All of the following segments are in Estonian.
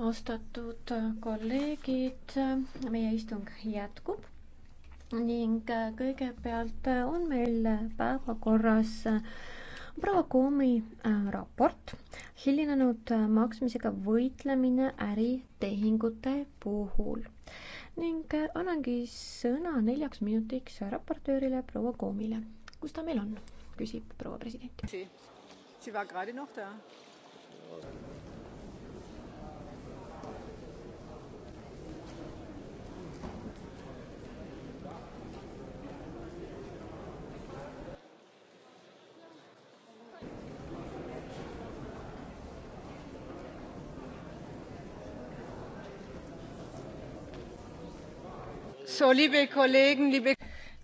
austatud kolleegid, meie istung jätkub ning kõigepealt on meil päevakorras proua Koomi äh, raport hilinenud maksmisega võitlemine äritehingute puhul ning äh, annangi sõna neljaks minutiks raportöörile proua Koomile. kus ta meil on, küsib proua president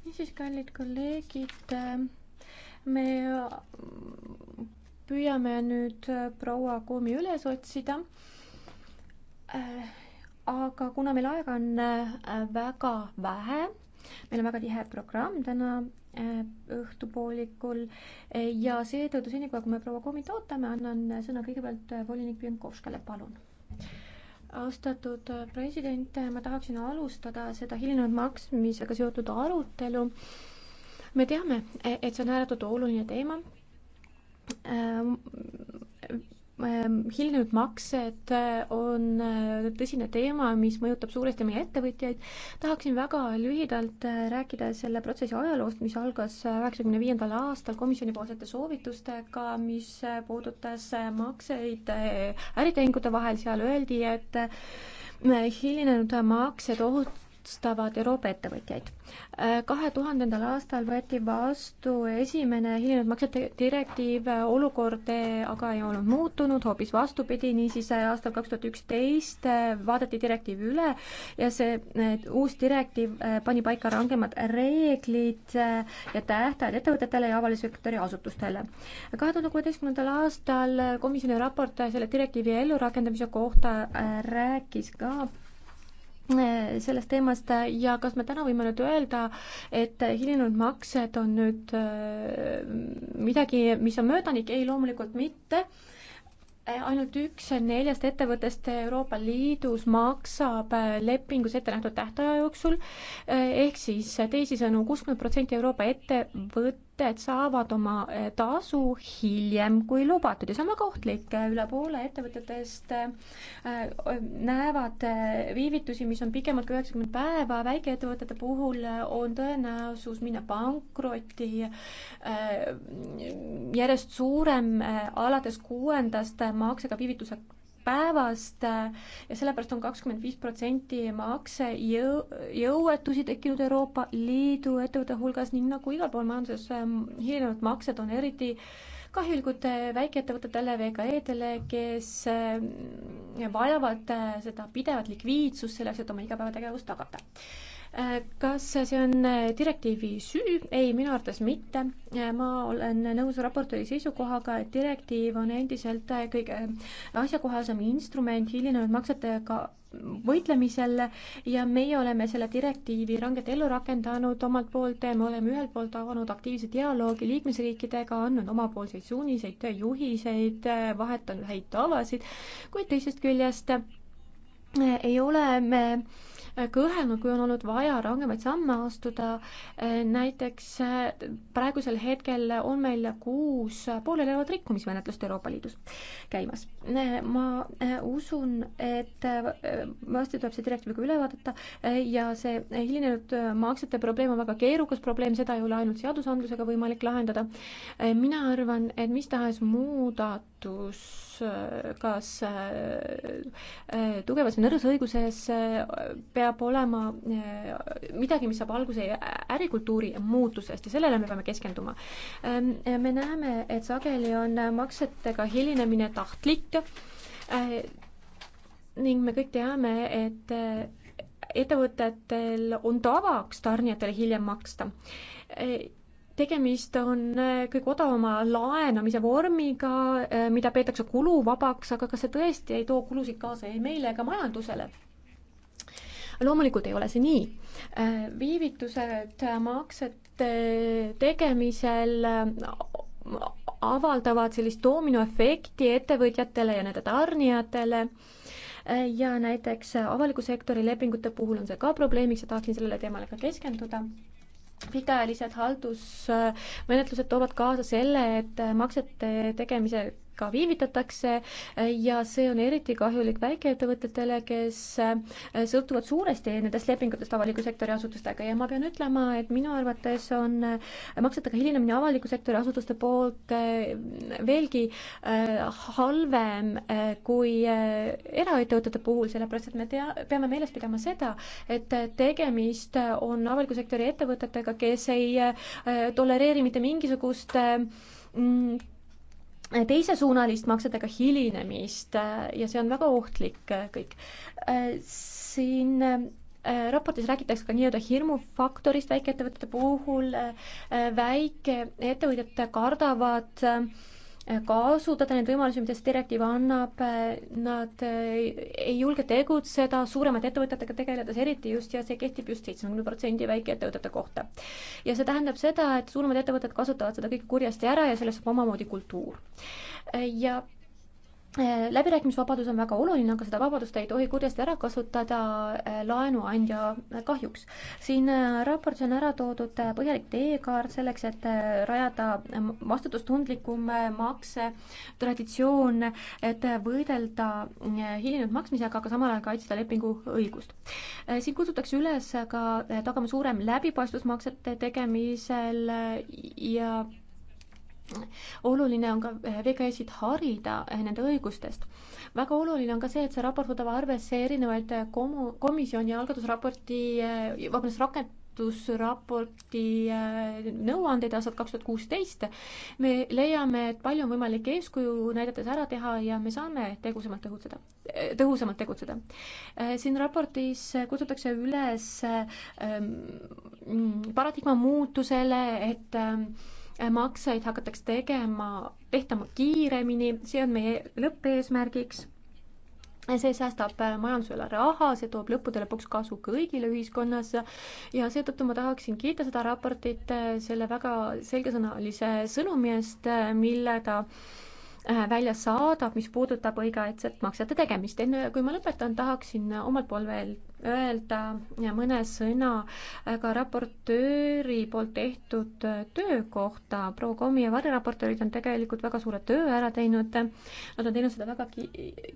niisiis, kallid kolleegid, äh, me püüame nüüd äh, proua Koomi üles otsida. Äh, aga kuna meil aega on äh, väga vähe, meil on väga tihe programm täna õhtupoolikul ja seetõttu senikaua, kui me proua Koomit ootame, annan sõna kõigepealt volinik Pjankovskale, palun austatud president, ma tahaksin alustada seda hilinenud maksmisega seotud arutelu. me teame, e-, et see on ääretult oluline teema Ehm, ehm, hilinenud maksed eh, on eh, tõsine teema, mis mõjutab suuresti meie ettevõtjaid. tahaksin väga lühidalt eh, rääkida selle protsessi ajaloost, mis algas üheksakümne viiendal aastal komisjonipoolsete soovitustega, mis puudutas makseid äritehingute vahel, seal öeldi, et hilinenud maksed oht-, kaitstavad Euroopa ettevõtjaid. kahe tuhandendal aastal võeti vastu esimene hilinenud maksete direktiiv, olukord aga ei olnud muutunud, hoopis vastupidi, niisiis aastal kaks tuhat üksteist vaadati direktiiv üle ja see uus direktiiv äh, pani paika rangemad reeglid äh, ja tähtajad ettevõtetele ja avalissektori asutustele. kahe tuhande kuueteistkümnendal aastal komisjoni raport selle direktiivi ellurakendamise kohta äh, rääkis ka Eh, sellest teemast eh, ja kas me täna võime nüüd öelda, et hilinenud maksed on nüüd eh, midagi, mis on möödanik, ei loomulikult mitte, ainult üks neljast ettevõttest Euroopa Liidus maksab lepingus ette nähtud tähtaja jooksul, ehk siis teisisõnu, kuuskümmend protsenti Euroopa ettevõt-, ettevõtted saavad oma eh, tasu hiljem kui lubatud ja see on väga ohtlik, üle poole ettevõtetest eh, eh, näevad viivitusi, mis on pikemad kui üheksakümmend päeva, väikeettevõtete puhul on tõenäosus minna pankrotti järjest suurem alates kuuendast maksega viivituse päevast äh, ja sellepärast on kakskümmend viis protsenti makse jõu, jõuetusi tekkinud Euroopa Liidu ettevõtte hulgas, nii nagu igal pool majanduses ähm, hilinenud maksed on eriti kahjulikud äh, väikeettevõtetele, VKE-dele, kes ähm, vajavad äh, seda pidevat likviidsust selleks, et oma igapäevategevust tagada kas see on äh, direktiivi süü? ei, minu arvates mitte. Äh, ma olen nõus raportööri seisukohaga, et direktiiv on endiselt äh, kõige asjakohasem instrument hilinenud maksetega võitlemisel ja meie oleme selle direktiivi rangelt ellu rakendanud omalt poolt, me oleme ühelt poolt avanud aktiivse dialoogi liikmesriikidega, andnud omapoolseid suuniseid, juhiseid, vahetanud häid tavasid, kuid teisest küljest ei ole me kõhelnud, kui on olnud vaja rangemaid samme astuda. näiteks praegusel hetkel on meil kuus pooleliolevat rikkumismenetlust Euroopa Liidus käimas. ma usun, et varsti tuleb see direktiiv ka üle vaadata ja see hilinenud maksete probleem on väga keerukas probleem, seda ei ole ainult seadusandlusega võimalik lahendada. mina arvan, et mis tahes muudatus muudatus, kas äh, äh, tugevas või nõrgas õiguses äh, peab olema midagi, mis saab alguse ärikultuuri muutusest ja sellele me peame keskenduma. Ähm, me näeme, et sageli on maksetega hilinemine tahtlik ning me kõik teame, et ettevõtetel on tavaks tarnijatele hiljem maksta tegemist on äh, kõige odavama laenamise vormiga, äh, mida peetakse kuluvabaks, aga kas see tõesti ei too kulusid kaasa ei meile ega majandusele? loomulikult ei ole see nii. Äh, viivitused maksete tegemisel avaldavad sellist doominoefekti ettevõtjatele ja nende tarnijatele ja näiteks avaliku sektori lepingute puhul on see ka probleemiks ja tahaksin sellele teemale ka keskenduda pikaajalised haldusmenetlused äh, toovad kaasa selle, et maksete tegemise ikka viivitatakse ja see on eriti kahjulik väikeettevõtetele, kes eh, sõltuvad suuresti nendest lepingutest avaliku sektori asutustega ja ma pean ütlema, et minu arvates on eh, maksetega hilinemine avaliku sektori asutuste poolt eh, veelgi halvem kui eraettevõtete puhul, sellepärast et me tea, peame meeles pidama seda, et tegemist on avaliku sektori ettevõtetega, kes ei tolereeri mitte mingisugust mm, teisesuunalist maksetega hilinemist ja see on väga ohtlik äh, kõik. Äh, siin äh, raportis räägitakse ka nii-öelda hirmufaktorist väikeettevõtete puhul, väikeettevõtjad kardavad äh, kasutada neid võimalusi, mida see direktiiv annab, nad ei julge tegutseda, suuremate ettevõtetega tegeledes eriti just ja see kehtib just seitsmekümne protsendi väikeettevõtete kohta. ja see tähendab seda, et suuremad ettevõtted kasutavad seda kõike kurjasti ära ja sellest saab omamoodi kultuur. ja Äh, läbirääkimisvabadus on väga oluline, aga seda vabadust ei tohi kurjasti ära kasutada äh, laenuandja äh, kahjuks. siin raportis on ära toodud põhjalik teekaart selleks, et rajada vastutustundlikum makse traditsioon, et võidelda hilinenud maksmisega, aga samal ajal kaitsta lepingu õigust. siin kutsutakse üles ka tagama suurem läbipaistvus maksete tegemisel ja oluline on ka eh, VKS-id harida eh, nende õigustest. väga oluline on ka see, et see raport võtab arvesse erinevaid eh, komu-, komisjoni algatusraporti, vabandust, rakendusraporti nõuandeid aastat kaks tuhat kuusteist. me leiame, et palju on võimalik eeskuju näidates ära teha ja me saame tegusamalt tegutseda, tõhusamalt tegutseda. siin raportis kutsutakse üles ähm, paradigma muutusele, et ähm, makseid hakatakse tegema, tehtama kiiremini, see on meie lõppeesmärgiks. see säästab majandusele raha, see toob lõppude lõpuks kasu kõigile ühiskonnas ja seetõttu ma tahaksin kiita seda raportit selle väga selgesõnalise sõnumi eest, mille ta äh, välja saadab, mis puudutab õigeaegset maksete tegemist. enne kui ma lõpetan, tahaksin omalt poolt veel öelda mõne sõna ka raportööri poolt tehtud töö kohta. proua Komi ja variraportöörid on tegelikult väga suure töö ära teinud. Nad on teinud seda väga ki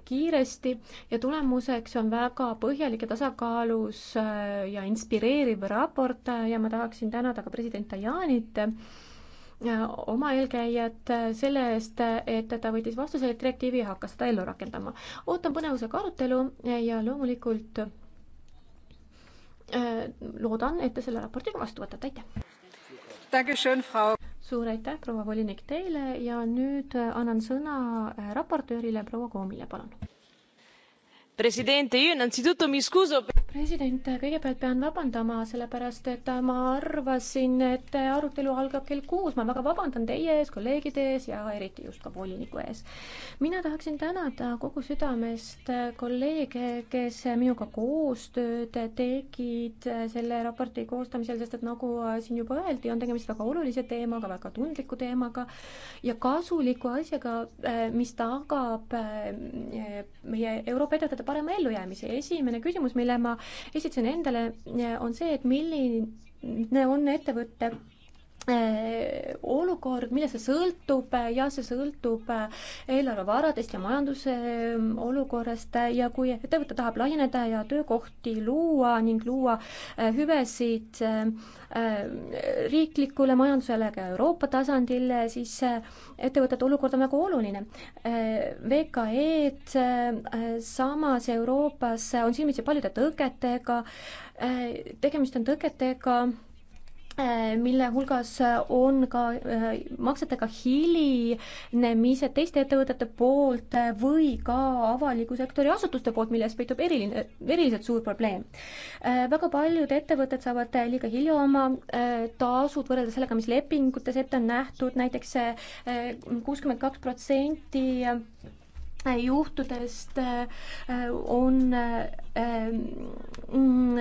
kiiresti ja tulemuseks on väga põhjalik ja tasakaalus äh, ja inspireeriv raport ja ma tahaksin tänada ka president Tajanit äh, oma eelkäijat äh, selle eest, et ta võttis vastu selle direktiivi ja hakkas seda ellu rakendama. ootan põnevusega arutelu ja loomulikult Äh, loodan, et te selle raporti ka vastu võtate, aitäh! suur aitäh, proua volinik, teile ja nüüd äh, annan sõna äh, raportöörile proua Koomile, palun! president, kõigepealt pean vabandama, sellepärast et ma arvasin, et arutelu algab kell kuus, ma väga vabandan teie ees, kolleegide ees ja eriti just ka voliniku ees. mina tahaksin tänada kogu südamest kolleege, kes minuga koostööd tegid selle raporti koostamisel, sest et nagu siin juba öeldi, on tegemist väga olulise teemaga, väga tundliku teemaga ja kasuliku asjaga, mis tagab eh, meie Euroopa ettevõtete tagada parema ellujäämise. esimene küsimus, mille ma esitasin endale, on see, et milline on ettevõtte Äh, olukord, millest see sõltub, äh, jah, see sõltub äh, eelarvevaradest ja majanduse ähm, olukorrast ja kui ettevõte tahab laieneda ja töökohti luua ning luua hüvesid riiklikule majandusele ka Euroopa tasandil, siis ettevõtete olukord on väga oluline. VKE-d samas Euroopas on silmitsi paljude tõketega, tegemist on tõketega, Äh, mille hulgas äh, on ka äh, maksetega hilinemised teiste ettevõtete poolt või ka avaliku sektori asutuste poolt, milles peitub eriline, eriliselt suur probleem. väga paljud ettevõtted saavad liiga hilja oma tasud võrreldes sellega, mis lepingutes ette on nähtud näiteks, näiteks kuuskümmend kaks protsenti Äh, juhtudest äh, on äh, mm,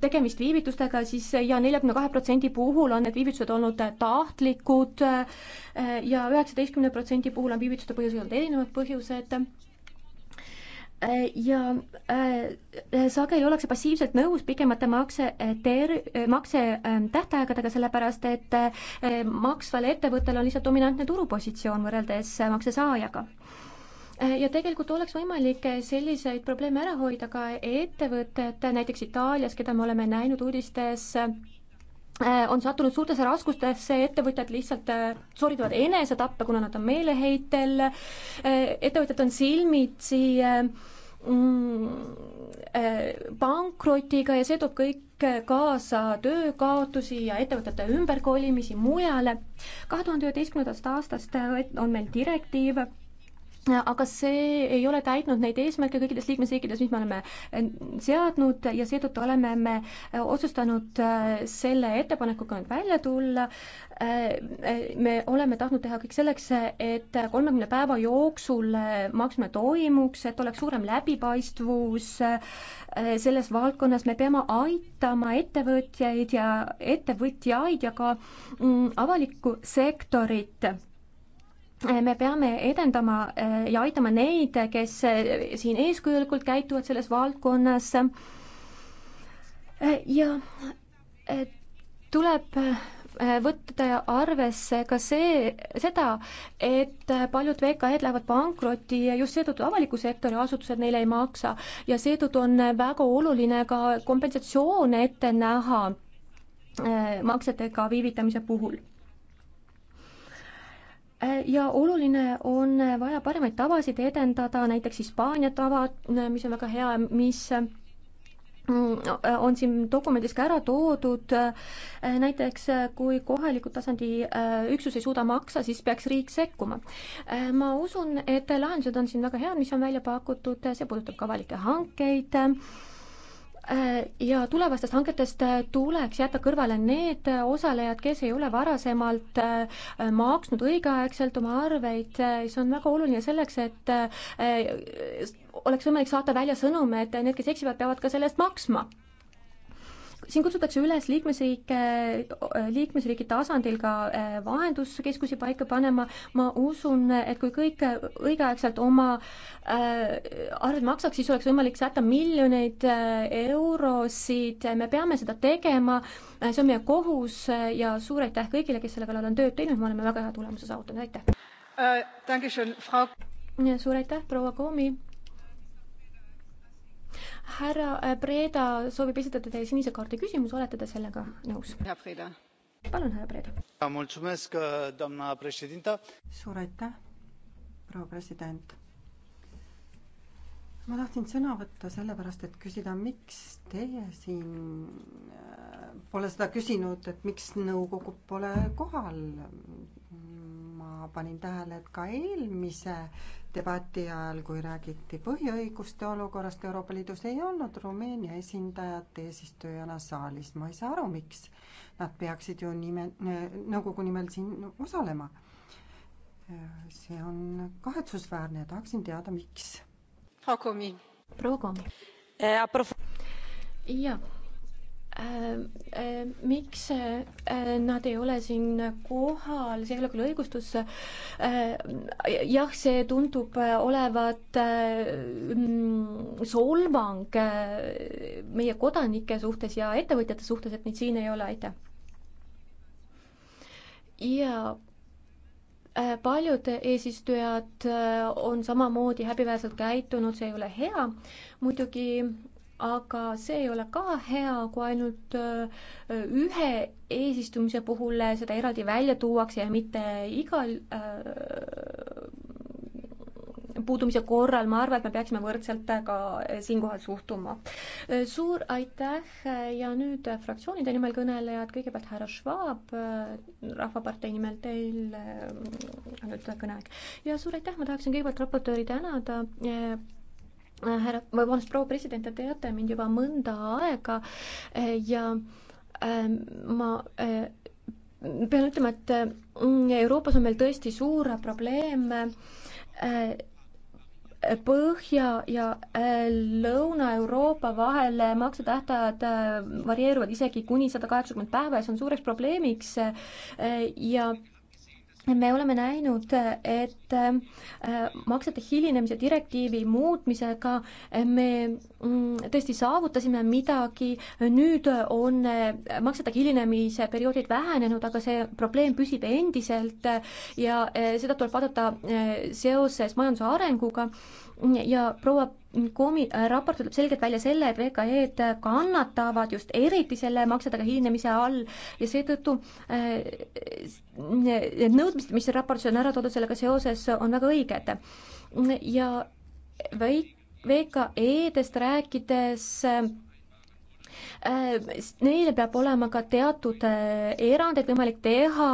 tegemist viivitustega siis ja neljakümne kahe protsendi puhul on need viivitused olnud tahtlikud ja üheksateistkümne protsendi puhul on viivituste põhjused olnud erinevad põhjused ja äh, sageli ollakse passiivselt nõus pikemate makse ter-, makse äh, tähtaegadega, sellepärast et äh, maksval ettevõttel on lihtsalt dominantne turupositsioon võrreldes maksesaajaga äh, Äh, ja tegelikult oleks võimalik äh, selliseid probleeme ära hoida ka ettevõtted, näiteks Itaalias, keda me oleme näinud uudistes, äh, on sattunud suurtesse raskustesse, ettevõtjad lihtsalt sooritavad enesetappe, kuna nad on meeleheitel, ettevõtjad on silmitsi mm, pankrotiga ja see toob kõik kaasa töökaotusi ja ettevõtete ümberkolimisi mujale. kahe tuhande üheteistkümnendast aastast on meil direktiiv aga see ei ole täitnud neid eesmärke kõikides liikmesriikides, mis me oleme äh, seadnud ja seetõttu oleme me äh, otsustanud äh, selle ettepanekuga nüüd välja tulla. me oleme tahtnud teha kõik selleks, et kolmekümne päeva jooksul maksmine toimuks, et oleks suurem läbipaistvus selles valdkonnas, me peame aitama ettevõtjaid ja ettevõtjaid ja ka mm, avalikku sektorit me peame edendama eh, ja aitama neid, kes eh, siin eeskujulikult käituvad selles valdkonnas. Eh, ja tuleb võtta arvesse ka see, seda, et paljud VKE-d lähevad pankrotti just seetõttu avaliku sektori asutused neile ei maksa ja seetõttu on väga oluline ka kompensatsioone ette näha maksetega viivitamise puhul Äh, ja oluline on äh, vaja paremaid tavasid edendada, näiteks Hispaania tava, äh, mis on väga hea, mis mm, on siin dokumendis ka ära toodud, näiteks kui kohaliku tasandi üksus ei suuda maksa, siis peaks riik sekkuma. ma usun, et lahendused on siin väga head, mis on välja pakutud, see puudutab ka avalikke hankeid, Äh, ja tulevastest hangetest äh, tuleks jätta kõrvale need äh, osalejad, kes ei ole varasemalt maksnud õigeaegselt oma arveid, see on väga oluline selleks, et oleks võimalik saata välja sõnum, et need, kes eksivad, peavad ka selle eest maksma siin kutsutakse üles liikmesriike, liikmesriigi tasandil ka äh, vahenduskeskusi paika panema, ma usun, et kui kõik õigeaegselt oma äh, arved maksaks, siis oleks võimalik sätta miljoneid äh, eurosid, me peame seda tegema, see on meie kohus ja suur aitäh kõigile, kes selle kallal on tööd teinud, me oleme väga hea tulemuse saavutanud, aitäh! suur aitäh, proua Koomi! härra Breda äh, soovib esitada teile sinise kaardi küsimuse, olete te sellega nõus? palun, härra Breda. suur aitäh, proua president ma tahtsin sõna võtta sellepärast, et küsida, miks teie siin äh, pole seda küsinud, et miks nõukogu pole kohal? ma panin tähele, et ka eelmise debati ajal, kui räägiti põhiõiguste olukorrast Euroopa Liidus, ei olnud Rumeenia esindajat eesistujana saalis. ma ei saa aru, miks. Nad peaksid ju nime, nõukogu nimel siin osalema. Äh, see on kahetsusväärne ja tahaksin teada, miks proua Komi. Äh, jaa ähm, ähm, miks äh, nad ei ole siin kohal, see ei ole küll õigustus. Äh, jah, see tundub olevat mm, solvang meie kodanike suhtes ja ettevõtjate suhtes, et neid siin ei ole, aitäh. jaa Äh, paljud eesistujad äh, on samamoodi häbiväärselt käitunud, see ei ole hea muidugi, aga see ei ole ka hea, kui ainult äh, ühe eesistumise puhul seda eraldi välja tuuakse ja mitte igal puudumise korral, ma arvan, et me peaksime võrdselt ka siinkohal suhtuma. suur aitäh ja nüüd fraktsioonide nimel kõnelejad, kõigepealt härra Schwab, Rahvapartei nimel teil on äh, nüüd kõneaeg. ja suur aitäh, ma tahaksin kõigepealt raportööri tänada äh, härra, vabandust, proua president, te teate mind juba mõnda aega äh, ja äh, ma äh, pean ütlema, et Euroopas on meil tõesti suur probleem äh, Põhja- ja äh, Lõuna-Euroopa vahel maksetähtajad äh, varieeruvad isegi kuni sada kaheksakümmend päeva ja see on suureks probleemiks äh, ja me oleme näinud, et äh, maksete hilinemise direktiivi muutmisega me mm, tõesti saavutasime midagi, nüüd on äh, maksete hilinemise perioodid vähenenud, aga see probleem püsib endiselt ja äh, seda tuleb vaadata seoses majanduse arenguga ja proua Komi äh, raport ütleb selgelt välja selle, et VKE-d kannatavad just eriti selle maksetega hilinemise all ja seetõttu äh, need nõudmised, mis raportis on ära toodud sellega seoses, on väga õiged. ja väik-, VKE-dest rääkides äh, Neile peab olema ka teatud erandeid võimalik teha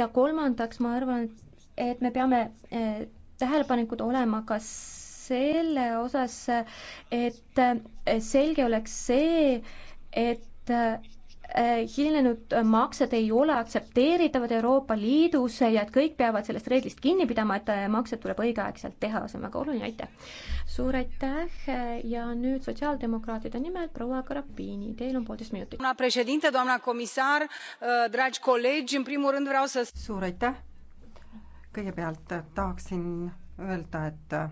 ja kolmandaks ma arvan, et me peame tähelepanekud olema ka selle osas, et äh, selge oleks see, et äh, hilinenud maksed ei ole aktsepteeritavad Euroopa Liidus ja et kõik peavad sellest reeglist kinni pidama, et äh, maksed tuleb õigeaegselt teha, see on väga oluline, aitäh. suur aitäh ja nüüd sotsiaaldemokraatide nimel proua Karabini, teil on poolteist minutit. suur aitäh kõigepealt äh, tahaksin öelda, et äh,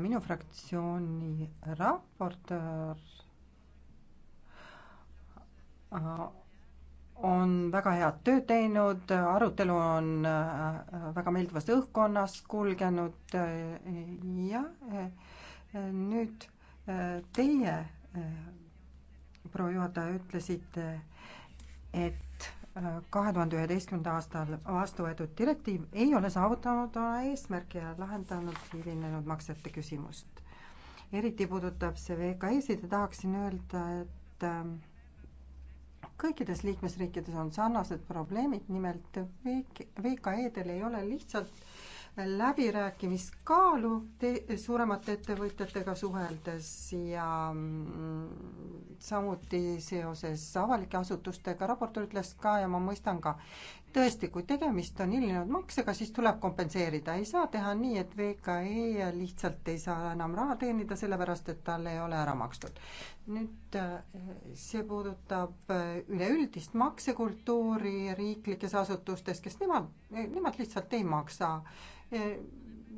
minu fraktsiooni raportöör äh, on väga head tööd teinud, arutelu on väga meeldivas õhkkonnas kulgenud ja nüüd teie, proua juhataja, ütlesite, et kahe tuhande üheteistkümnenda aastal vastu võetud direktiiv ei ole saavutanud oma eesmärki ja lahendanud hilinenud maksete küsimust. eriti puudutab see VKE-sid ja tahaksin öelda, et ähm, kõikides liikmesriikides on sarnased probleemid, nimelt VKE-del ei ole lihtsalt läbirääkimiskaalu te-, suuremate ettevõtjatega suheldes ja mm, samuti seoses avalike asutustega, raport ütles ka ja ma mõistan ka, tõesti, kui tegemist on hilinenud maksega, siis tuleb kompenseerida, ei saa teha nii, et VKE lihtsalt ei saa enam raha teenida, sellepärast et talle ei ole ära makstud. nüüd äh, see puudutab äh, üleüldist maksekultuuri riiklikes asutustes, kes nemad, nemad lihtsalt ei maksa, äh,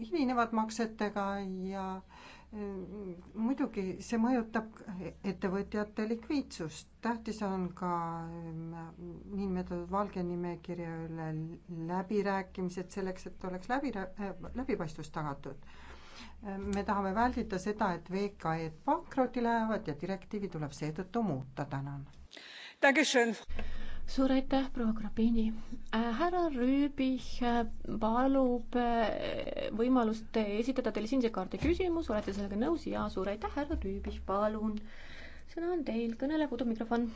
hilinevad maksetega ja äh, muidugi see mõjutab ettevõtjate likviidsust, tähtis on ka mm, niinimetatud valge nimekirja üle läbirääkimised selleks, et oleks läbi, äh, läbipaistvus tagatud. me tahame väldida seda, et VKE-d pankrotti lähevad ja direktiivi tuleb seetõttu muuta, tänan suur aitäh, proua Grabini äh,. härra Rüübich äh, palub äh, võimalust äh, esitada teile sinise kaardi küsimus, olete sellega nõus? jaa, suur aitäh, härra Rüübich, palun. sõna on teil, kõnele puudub mikrofon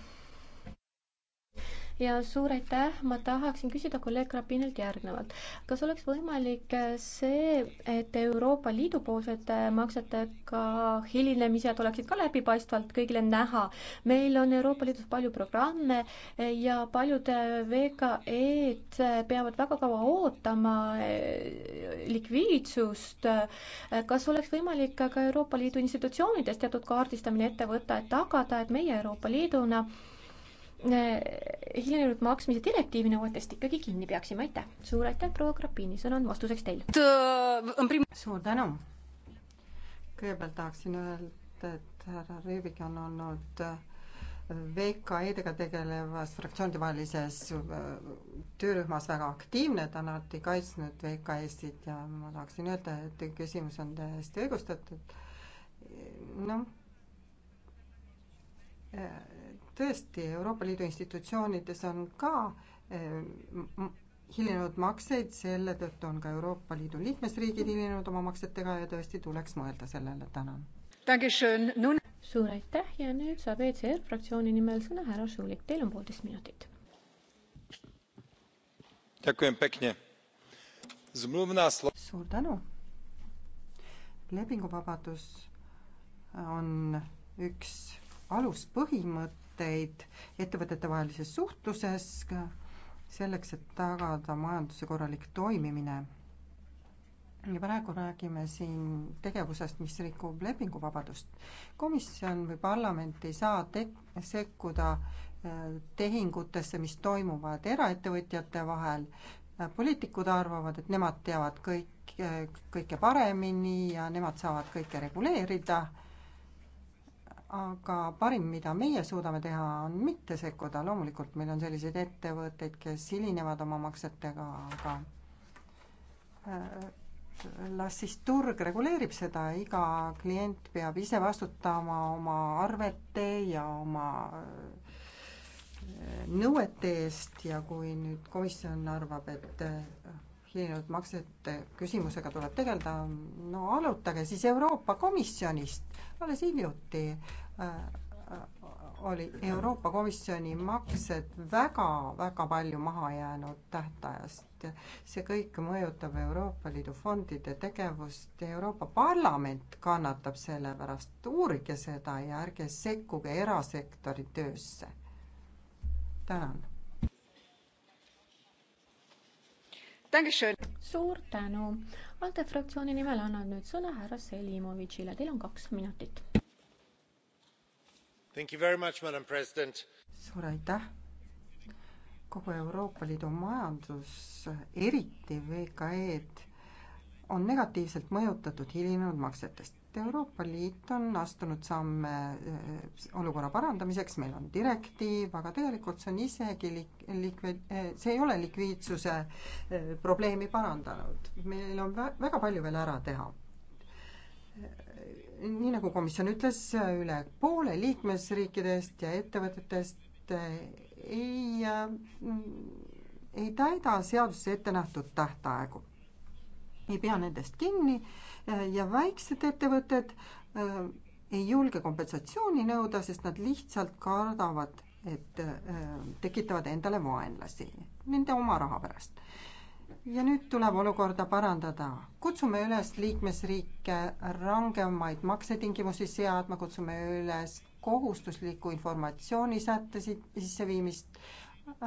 ja suur aitäh, ma tahaksin küsida kolleeg Krapinilt järgnevalt. kas oleks võimalik äh, see, et Euroopa Liidu poolsed äh, maksetega hilinemised oleksid ka läbipaistvalt kõigile näha? meil on Euroopa Liidus palju programme äh, ja paljud VKE-d peavad väga kaua ootama likviidsust. kas oleks võimalik ka Euroopa Liidu institutsioonides teatud kaardistamine ette võtta, et tagada, et meie Euroopa Liiduna Äh, hilinenud maksmise direktiivi nõuetest ikkagi kinni peaksime, aitäh. suur aitäh, proua Grapini, sõna on vastuseks teil. Äh, suur tänu. kõigepealt tahaksin öelda, et härra Rüübik on olnud äh, VKE-dega tegelevas fraktsioonidevahelises töörühmas väga aktiivne, ta on alati kaitsnud VKE-sid ja ma tahaksin öelda, et küsimus on täiesti õigustatud. noh tõesti, Euroopa Liidu institutsioonides on ka eh, hilinenud makseid, selle tõttu on ka Euroopa Liidu liikmesriigid hilinenud oma maksetega ja tõesti tuleks mõelda sellele, tänan. suur aitäh ja nüüd saab ECR fraktsiooni nimel sõna härra Šulik, teil on poolteist minutit. suur tänu. lepinguvabadus on üks aluspõhimõte sätteid ettevõtetevahelises suhtluses selleks, et tagada majanduse korralik toimimine. ja praegu räägime siin tegevusest, mis rikub lepinguvabadust. komisjon või parlament ei saa tek-, sekkuda äh, tehingutesse, mis toimuvad eraettevõtjate vahel, poliitikud arvavad, et nemad teavad kõik, äh, kõike paremini ja nemad saavad kõike reguleerida aga parim, mida meie suudame teha, on mitte sekkuda, loomulikult meil on selliseid ettevõtteid, kes hilinevad oma maksetega, aga äh, las siis turg reguleerib seda, iga klient peab ise vastutama oma arvete ja oma äh, nõuete eest ja kui nüüd komisjon arvab, et äh, hilinenud maksete küsimusega tuleb tegeleda, no arutage siis Euroopa Komisjonist, alles hiljuti äh, oli Euroopa Komisjoni maksed väga-väga palju maha jäänud tähtajast. see kõik mõjutab Euroopa Liidu fondide tegevust ja Euroopa Parlament kannatab selle pärast. uurige seda ja ärge sekkuge erasektori töösse. tänan suur tänu. ALDE fraktsiooni nimel annan nüüd sõna härra Selimovitšile, teil on kaks minutit. suur aitäh kogu Euroopa Liidu majandus, eriti VKE-d, on negatiivselt mõjutatud hilinenud maksetest et Euroopa Liit on astunud samme eh, olukorra parandamiseks, meil on direktiiv, aga tegelikult see on isegi lik-, likvi-, eh, see ei ole likviidsuse eh, probleemi parandanud. meil on vä-, väga palju veel ära teha. nii nagu komisjon ütles, üle poole liikmesriikidest ja ettevõtetest ei, mm, ei täida seaduses ette nähtud tähtaegu ei pea nendest kinni äh, ja väiksed ettevõtted äh, ei julge kompensatsiooni nõuda, sest nad lihtsalt kardavad, et äh, tekitavad endale vaenlasi nende oma raha pärast ja nüüd tuleb olukorda parandada. kutsume üles liikmesriike rangemaid maksetingimusi seadma, kutsume üles kohustusliku informatsiooni sättesid sisseviimist,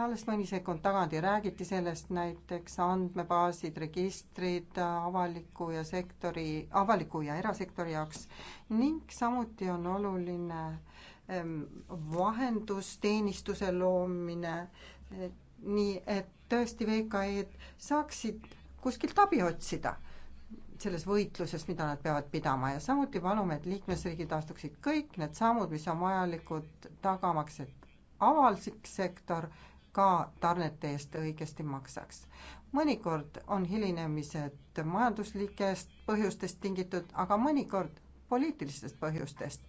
alles mõni sekund tagasi räägiti sellest, näiteks andmebaasid, registrid avaliku ja sektori, avaliku ja erasektori jaoks ning samuti on oluline ehm, vahendusteenistuse loomine, eh, nii et tõesti VKE-d saaksid kuskilt abi otsida selles võitluses, mida nad peavad pidama ja samuti palume, et liikmesriigid astuksid kõik need sammud, mis on vajalikud tagamaks, et avalik sektor ka tarnete eest õigesti maksaks. mõnikord on hilinemised majanduslikest põhjustest tingitud, aga mõnikord poliitilistest põhjustest.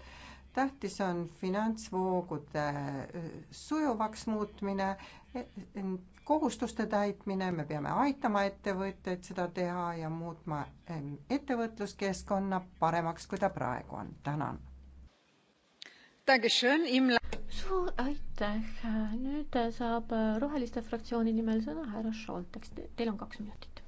tähtis on finantsvoogude sujuvaks muutmine, e, kohustuste täitmine, me peame aitama ettevõtjaid seda teha ja muutma ettevõtluskeskkonna paremaks, kui ta praegu on. tänan suur aitäh, nüüd saab äh, Roheliste fraktsiooni nimel sõna härra Šoltes, teil on kaks minutit.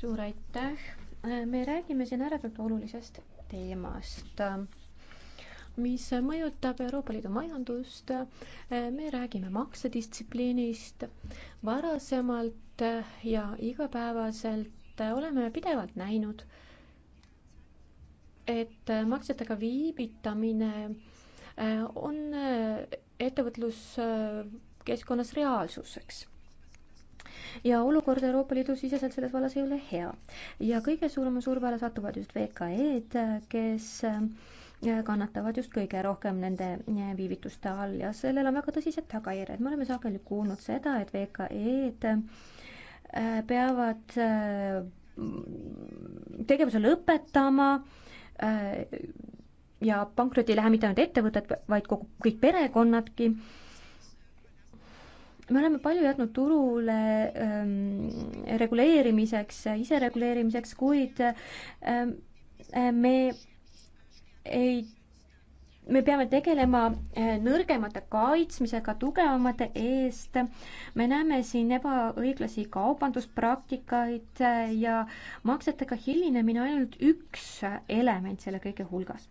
suur aitäh, äh, me räägime siin ääretult olulisest teemast, äh, mis mõjutab Euroopa Liidu majandust. me räägime maksedistsipliinist, varasemalt ja igapäevaselt oleme pidevalt näinud et maksetega viivitamine äh, on äh, ettevõtluskeskkonnas reaalsuseks. ja olukord Euroopa Liidu siseselt selles vallas ei ole hea ja kõige suurema surve alla satuvad just VKE-d, äh, kes kannatavad just kõige rohkem nende viivituste all ja sellel on väga tõsised tagajärjed. me oleme sageli kuulnud seda, et VKE-d peavad tegevuse lõpetama Äh, ja pankrotti ei lähe mitte ainult ettevõtted, vaid kogu, kõik perekonnadki. me oleme palju jätnud turule ähm, reguleerimiseks, isereguleerimiseks, kuid ähm, äh, me ei me peame tegelema eh, nõrgemate kaitsmisega tugevamate eest. me näeme siin ebaõiglasi kaubanduspraktikaid eh, ja maksetega hilinemine ainult üks element selle kõige hulgas.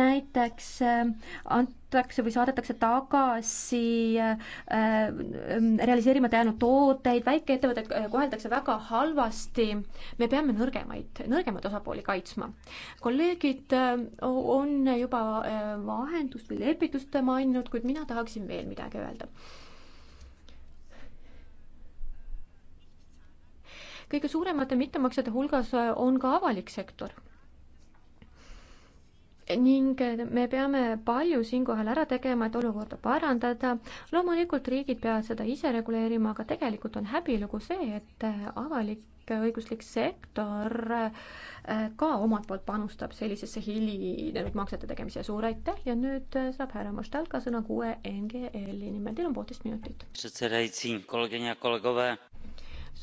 näiteks eh, ant-, saadetakse või saadetakse tagasi äh, äh realiseerimata jäänud tooteid, väikeettevõtteid äh, koheldakse väga halvasti. me peame nõrgemaid, nõrgemaid osapooli kaitsma. kolleegid äh, on juba äh, vahendust või lepitust maininud, kuid mina tahaksin veel midagi öelda. kõige suuremate mittemaksjate hulgas äh, on ka avalik sektor ning me peame palju siinkohal ära tegema, et olukorda parandada. loomulikult riigid peavad seda ise reguleerima, aga tegelikult on häbilugu see, et avalik-õiguslik sektor äh, ka omalt poolt panustab sellisesse hilinenud maksete tegemise. suur aitäh ja nüüd äh, saab härra Maštalka sõna kuue NGL-i nimel. Teil on poolteist minutit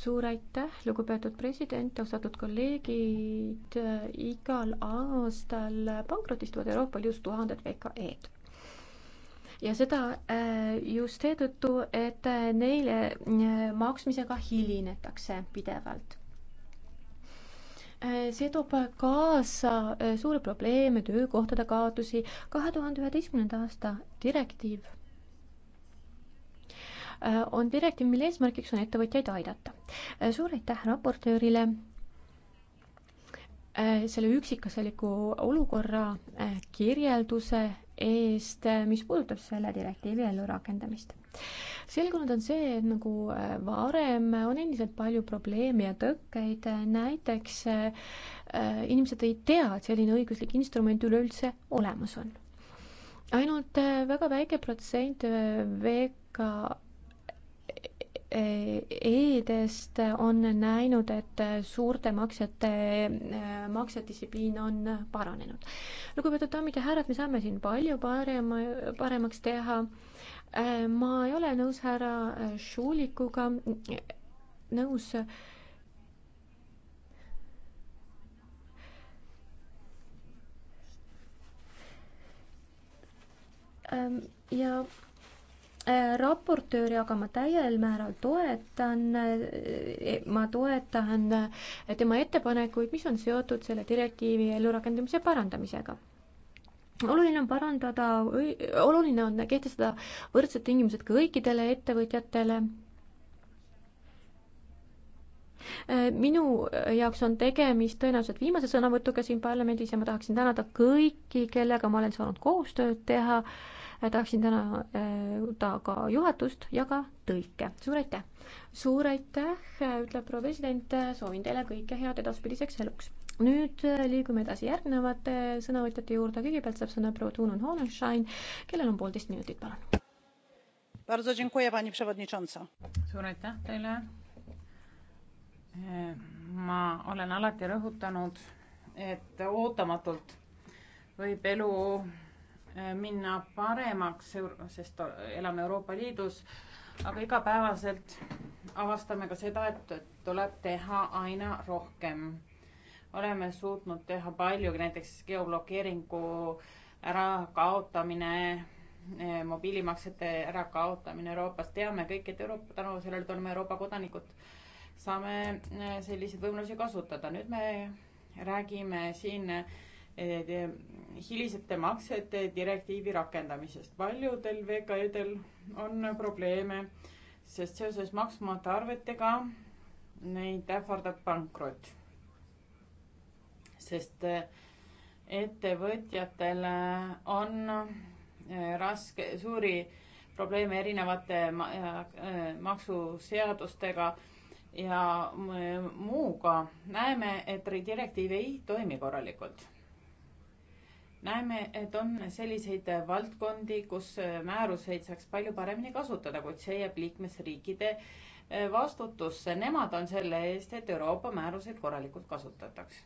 suur aitäh, lugupeetud president, austatud kolleegid. igal aastal pankrotistuvad Euroopa Liidus tuhanded VKE-d ja seda äh, just seetõttu, et äh, neile äh, maksmisega hilinetakse pidevalt. see toob kaasa suuri probleeme, töökohtade kaotusi. kahe tuhande üheteistkümnenda aasta direktiiv Äh, on direktiiv, mille eesmärgiks on ettevõtjaid aidata. Äh, suur aitäh raportöörile äh, selle üksikasjaliku olukorra kirjelduse eest, mis puudutab selle direktiivi ellurakendamist. selgunud on see, et nagu varem, on endiselt palju probleeme ja tõkkeid, näiteks inimesed ei tea, et selline õiguslik instrument üleüldse olemas on ainult väga väike protsent VK E-dest on näinud, et suurte maksjate äh, maksedistsipliin on paranenud. lugupeetud daamid ja härrad, me saame siin palju parema, paremaks teha. Äh, ma ei ole nõus härra Šulikuga, äh, nõus ähm, ja raportööri aga ma täiel määral toetan, e, ma toetan tema ettepanekuid, mis on seotud selle direktiivi ellurakendamise parandamisega oluline on parandada, oluline on kehtestada võrdsed tingimused kõikidele ettevõtjatele. E, minu jaoks on tegemist tõenäoliselt viimase sõnavõtuga siin parlamendis ja ma tahaksin tänada kõiki, kellega ma olen saanud koostööd teha äh, tahaksin tänada äh, ka juhatust ja ka tõlke. suur aitäh! suur aitäh, äh, ütleb proua president, soovin teile kõike head edaspidiseks eluks. nüüd äh, liigume edasi järgnevate sõnavõtjate juurde, kõigepealt saab sõna proua Tuunon Hohenstein, kellel on poolteist minutit, palun. suur aitäh teile! ma olen alati rõhutanud, et ootamatult võib elu Äh, minna paremaks, sest elame Euroopa Liidus, aga igapäevaselt avastame ka seda, et tuleb teha aina rohkem. oleme suutnud teha palju, näiteks geoblokeeringu ärakaotamine, äh, mobiilimaksete ärakaotamine Euroopas, teame kõik, et Euroopa, tänu sellele oleme Euroopa kodanikud, saame äh, selliseid võimalusi kasutada. nüüd me räägime siin äh, Eh, hilisete maksete direktiivi rakendamisest. paljudel VKÜ-del on probleeme, sest seoses maksmata arvetega neid ähvardab pankrot. sest eh, ettevõtjatel on eh, raske, suuri probleeme erinevate maksuseadustega ja muuga. näeme, et direktiiv ei toimi korralikult näeme, et on selliseid valdkondi, kus äh, määruseid saaks palju paremini kasutada, kuid see jääb liikmesriikide äh, vastutusse. Nemad on selle eest, et Euroopa määruseid korralikult kasutataks.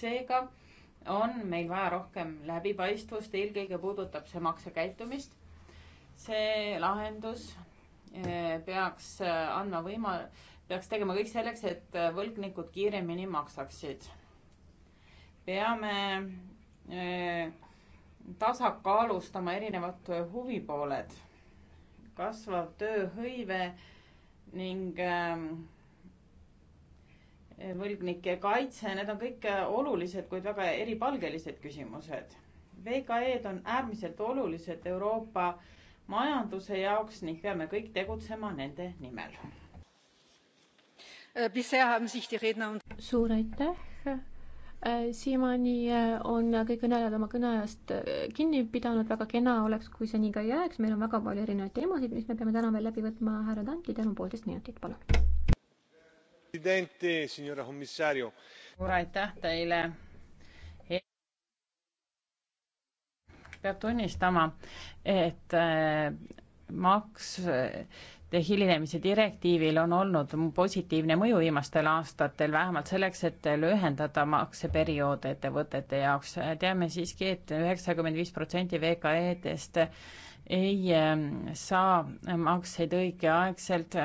seega on meil vaja rohkem läbipaistvust, eelkõige puudutab see maksekäitumist. see lahendus äh, peaks andma võima-, peaks tegema kõik selleks, et võlgnikud kiiremini maksaksid. peame Äh, tasakaalustama erinevad huvipooled. kasvav tööhõive ning äh, võlgnike kaitse, need on kõik olulised, kuid väga eripalgelised küsimused. VKE-d on äärmiselt olulised Euroopa majanduse jaoks ning peame kõik tegutsema nende nimel. Äh, suur aitäh Äh, siiamaani äh, on kõik kõnelejad oma kõneajast äh, kinni pidanud, väga kena oleks, kui see nii ka jääks, meil on väga palju erinevaid teemasid, mis me peame täna veel läbi võtma, härra Tanti, teil on poolteist minutit, palun. suur aitäh teile. peab tunnistama, et maks hilinemise direktiivil on olnud positiivne mõju viimastel aastatel, vähemalt selleks, et lühendada makseperioode ettevõtete jaoks. teame siiski et, et üheksakümmend viis protsenti VKE-dest ei ähm, saa makseid õigeaegselt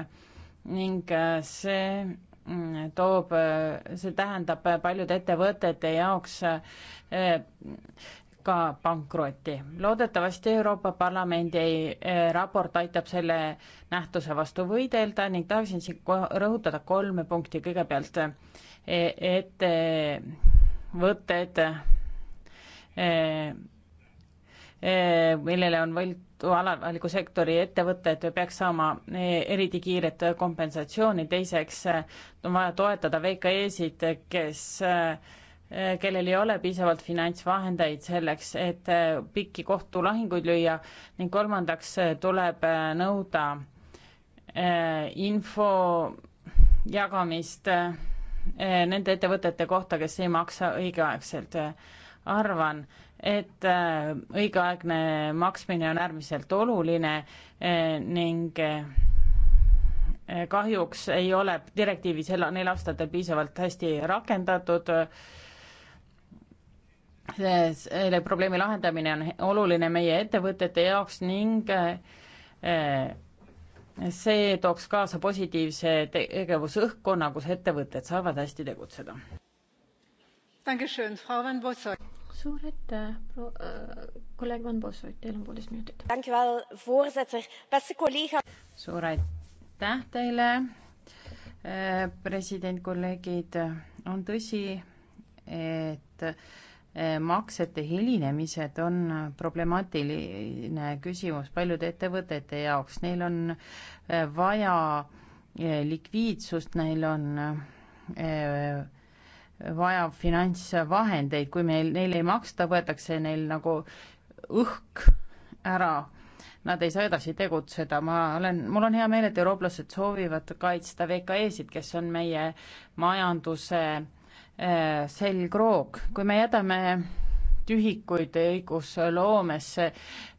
ning äh, see mm, toob, äh, see tähendab paljude ettevõtete jaoks äh, ka pankrotti. loodetavasti Euroopa Parlamendi eh, raport aitab selle nähtuse vastu võidelda ning tahaksin siin rõhutada kolme punkti, kõigepealt e-, ettevõtted, eh, eh, millele on võltu avaliku sektori ettevõtted peaks saama eriti kiiret kompensatsiooni, teiseks on vaja toetada VKE-sid, kes Eh, kellel ei ole piisavalt finantsvahendeid selleks, et eh, pikki kohtulahinguid lüüa ning kolmandaks eh, tuleb nõuda info jagamist nende ettevõtete kohta, kes ei maksa õigeaegselt. arvan, et õigeaegne maksmine on äärmiselt oluline ning kahjuks ei ole direktiivi sel, neil aastatel piisavalt hästi rakendatud selle probleemi lahendamine on oluline meie ettevõtete jaoks ning eh, see tooks kaasa positiivse tegevusõhkkonna, kus ettevõtted saavad hästi tegutseda. suur aitäh, äh, kolleeg Van Bossoit, teil on poolteist minutit. suur aitäh teile, äh, president, kolleegid, on tõsi, et Eh, maksete hilinemised on problemaatiline küsimus paljude ettevõtete jaoks, neil on eh, vaja eh, likviidsust, neil on vaja finantsvahendeid, kui meil, neile ei maksta, võetakse neil nagu õhk ära nad ei saa edasi tegutseda, ma olen, mul on hea meel, et eurooplased soovivad kaitsta VKE-sid, kes on meie majanduse Äh, selgroog, kui me jätame tühikuid õigusloomesse,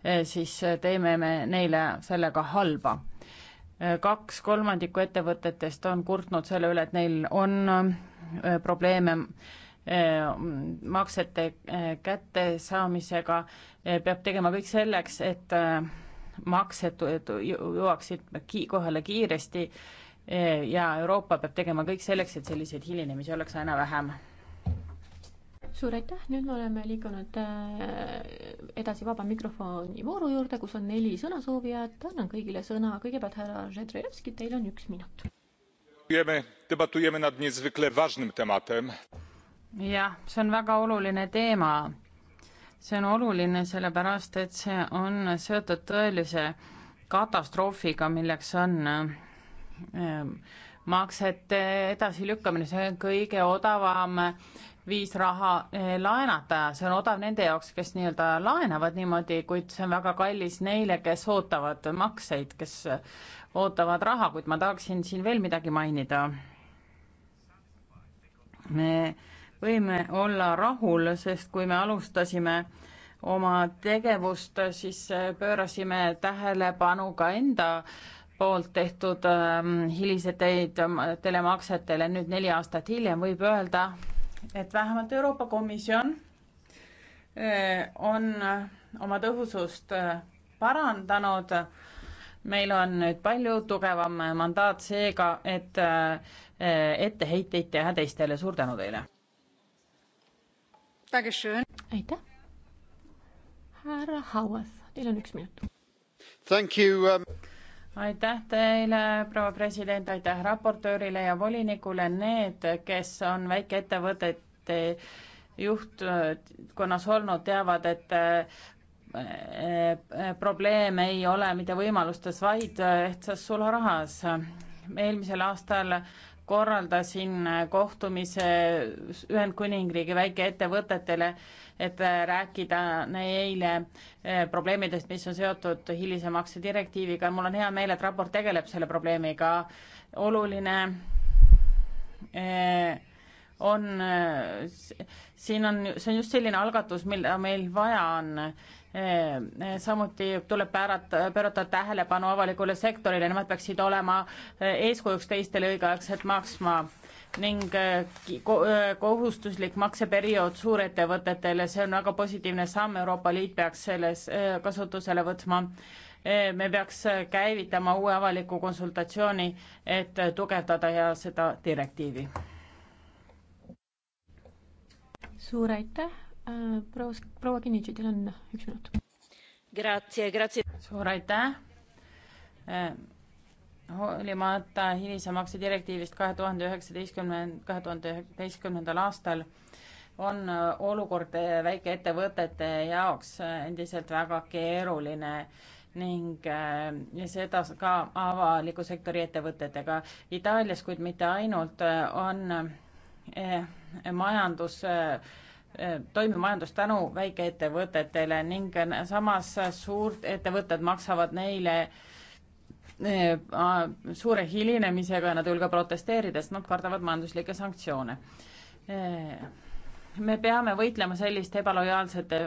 äh, siis äh, teeme me neile sellega halba. kaks kolmandikku ettevõtetest on kurtnud selle üle, et neil on probleeme maksete kättesaamisega, peab tegema kõik selleks, et maksed jõuaksid kohale kiiresti Eh, ja Euroopa peab tegema kõik selleks, et selliseid hilinemisi oleks aina vähem. suur aitäh, nüüd me oleme liikunud äh, edasi vaba mikrofoni vooru juurde, kus on neli sõnasoovijat, annan kõigile sõna, kõigepealt härra Žedrevski, teil on üks minut. jah, see on väga oluline teema. see on oluline sellepärast, et see on seotud tõelise katastroofiga, milleks on äh, Ehm, maksete edasilükkamine, see on kõige odavam viis raha eh, laenata, see on odav nende jaoks, kes nii-öelda laenavad niimoodi, kuid see on väga kallis neile, kes ootavad makseid, kes ootavad raha, kuid ma tahaksin siin veel midagi mainida. me võime olla rahul, sest kui me alustasime oma tegevust, siis pöörasime tähelepanu ka enda äh, poolt tehtud ähm, hiliseid ähm, telemaksetele nüüd neli aastat hiljem võib öelda, et vähemalt Euroopa Komisjon äh, on äh, oma tõhusust äh, parandanud. meil on nüüd palju tugevam mandaat seega, et äh, äh etteheiteid teha teistele. suur tänu teile. aitäh. härra Hauas, teil on üks minut. Um aitäh teile, proua president, aitäh raportöörile ja volinikule, need, kes on väikeettevõtete juhtkonnas olnud, teavad, et eh, probleem ei ole mitte võimalustes, vaid ehtsas eh, sularahas. eelmisel aastal korraldasin kohtumise Ühendkuningriigi väikeettevõtetele et äh, rääkida neile äh, probleemidest, mis on seotud hilise makse direktiiviga. mul on hea meel, et raport tegeleb selle probleemiga. oluline äh, on, siin on, see on just selline algatus, mida meil vaja on. samuti tuleb pöörata, pöörata tähelepanu avalikule sektorile, nemad peaksid olema eeskujuks teistele õigeaegselt maksma ning kohustuslik makseperiood suurettevõtetele, see on väga positiivne samm, Euroopa Liit peaks selles kasutusele võtma me peaks käivitama uue avaliku konsultatsiooni, et tugevdada ja seda direktiivi suur aitäh, äh, proua, proua Kinnitši, teil on üks minut. suur aitäh äh, hoolimata hilisemaks direktiivist kahe tuhande üheksateistkümnend, kahe tuhande üheksateistkümnendal aastal on äh, olukord väikeettevõtete jaoks endiselt väga keeruline ning ja seda ka avaliku sektori ettevõtetega. Itaalias, kuid mitte ainult, on Eh, majandus, eh, eh, toimiv majandus tänu väikeettevõtetele ning samas suurettevõtted maksavad neile suure hilinemisega ja nad ei julge protesteerida, sest nad kardavad majanduslikke sanktsioone. me peame võitlema selliste ebalojaalsete